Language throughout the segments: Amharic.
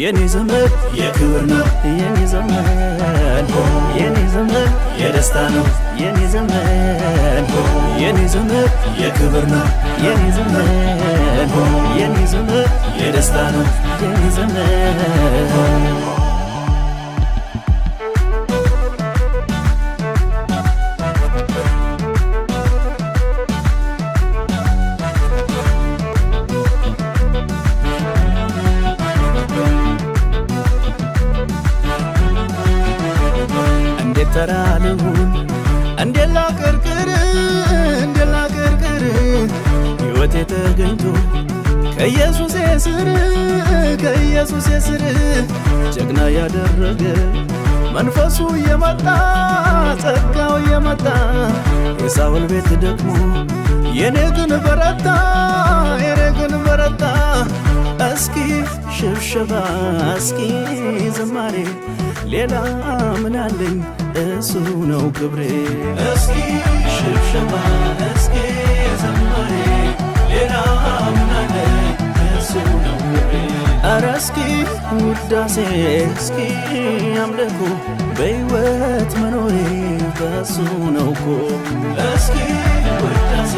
የኔ ዘመን የክብር ነው የኔ ዘመን የኔ ዘመን የደስታ ነው የኔ ዘመን የኔ ዘመን የክብር ነው የኔ ዘመን የኔ ዘመን የደስታ ነው የኔ ዘመን ተራ ልሁን እንዴት ላቀርቅር እንዴት ላቀርቅር ሕይወቴ ተገኝቶ ከኢየሱሴ ስር ከኢየሱሴ ስር ጀግና ያደረገ መንፈሱ የመጣ ጸጋው የመጣ የሳውል ቤት ደግሞ የኔ ግን በረታ የኔ ግን በረታ እስኪ ሽብሸባ እስኪ ዝማሬ ሌላ ምናለኝ እሱ ነው ክብሬ እስኪ ሽብሸባ እስኪ ዝማሬ ሌላ ምናለኝ እሱ ነው ክብሬ ኧረ እስኪ ውዳሴ እስኪ አምልኮ በሕይወት መኖሬ በሱ ነው እኮ እስኪ ውዳሴ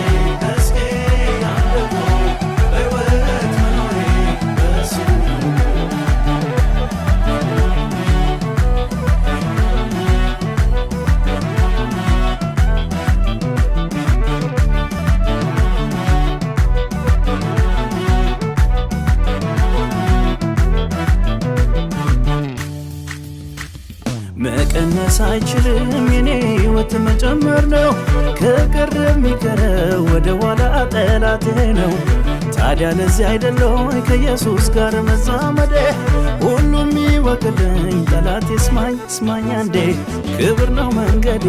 መቀነስ አይችልም የኔ ህይወት መጨመር ነው። ከቀረ የሚቀረው ወደ ኋላ ጠላቴ ነው። ታዲያ ለዚህ አይደለሁ ከኢየሱስ ጋር መዛመዴ ሁሉም ይወቅልኝ ጠላት ስማኝ ስማኝ አንዴ ክብር ነው መንገዴ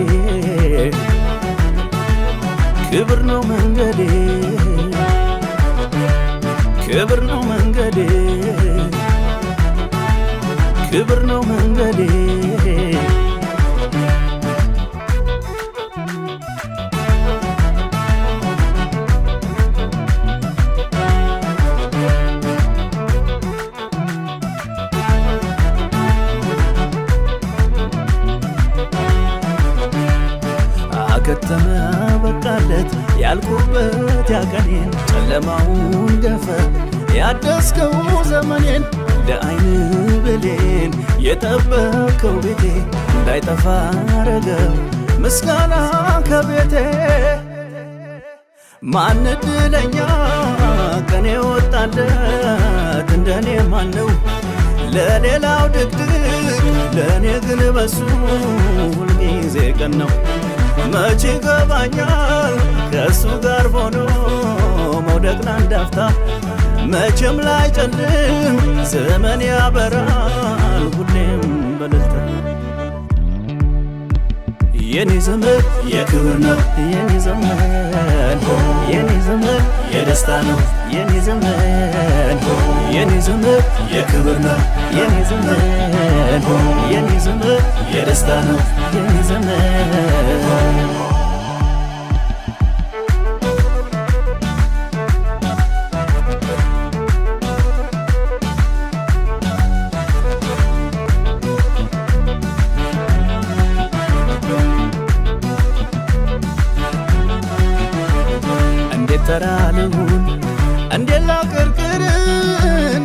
ክብር ነው መንገዴ ክብር ነው መንገዴ ክብር ነው መንገዴ ከተመ በቃለት ያልኩበት ያቀኔን ጨለማውን ገፈ ያደስከው ዘመኔን ለአይን ብሌን የጠበከው ቤቴ እንዳይጠፋ ረገው ምስጋና ከቤቴ ማን እድለኛ ቀኔ ወጣለት እንደኔ ማነው? ለሌላው ድቅድቅ ለእኔ ግን በሱ ሁልጊዜ ቀን ነው። መቼ ገባኛል ከእሱ ጋር ሆኖ መውደቅ ላንዳፍታ መቼም ላይ ጨልም ዘመን ያበራል ሁሌም በልልታ የኔ ዘመን የክብር ነው የኔ ዘመን የኔ ዘመን የደስታ ነው የኔ ዘመን የኔ ዘመን የክብር ነው የኔ ዘመን የኔ ዘመን የደስታ ነው የኔ ዘመን እንዴት ተራ ልሁን እንዴት ላቅርቅር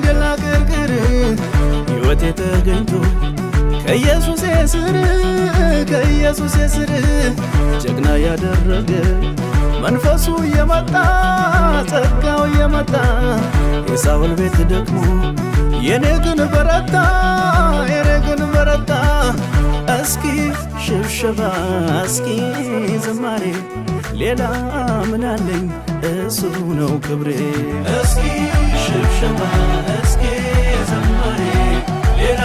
የወንጌል ግርግር ሕይወቴ ተገኝቶ ከኢየሱስ ስር ከኢየሱስ ስር ጀግና ያደረገ መንፈሱ የመጣ ጸጋው የመጣ የሳውል ቤት ደግሞ የኔ ግን በረታ የኔ ግን በረታ እስኪ ሽብሸባ እስኪ ዝማሬ ሌላ ምናለኝ እሱ ነው ክብሬ እስኪ ሽብሸባ እስኪ ዝማሬ ሌላ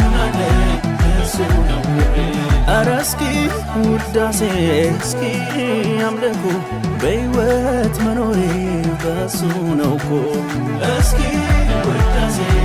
ምናለኝ እሱ ነው ክብሬ አረ እስኪ ውዳሴ እስኪ አምልኮ በሕይወት መኖሬ በሱ ነው እኮ እስኪ ውዳሴ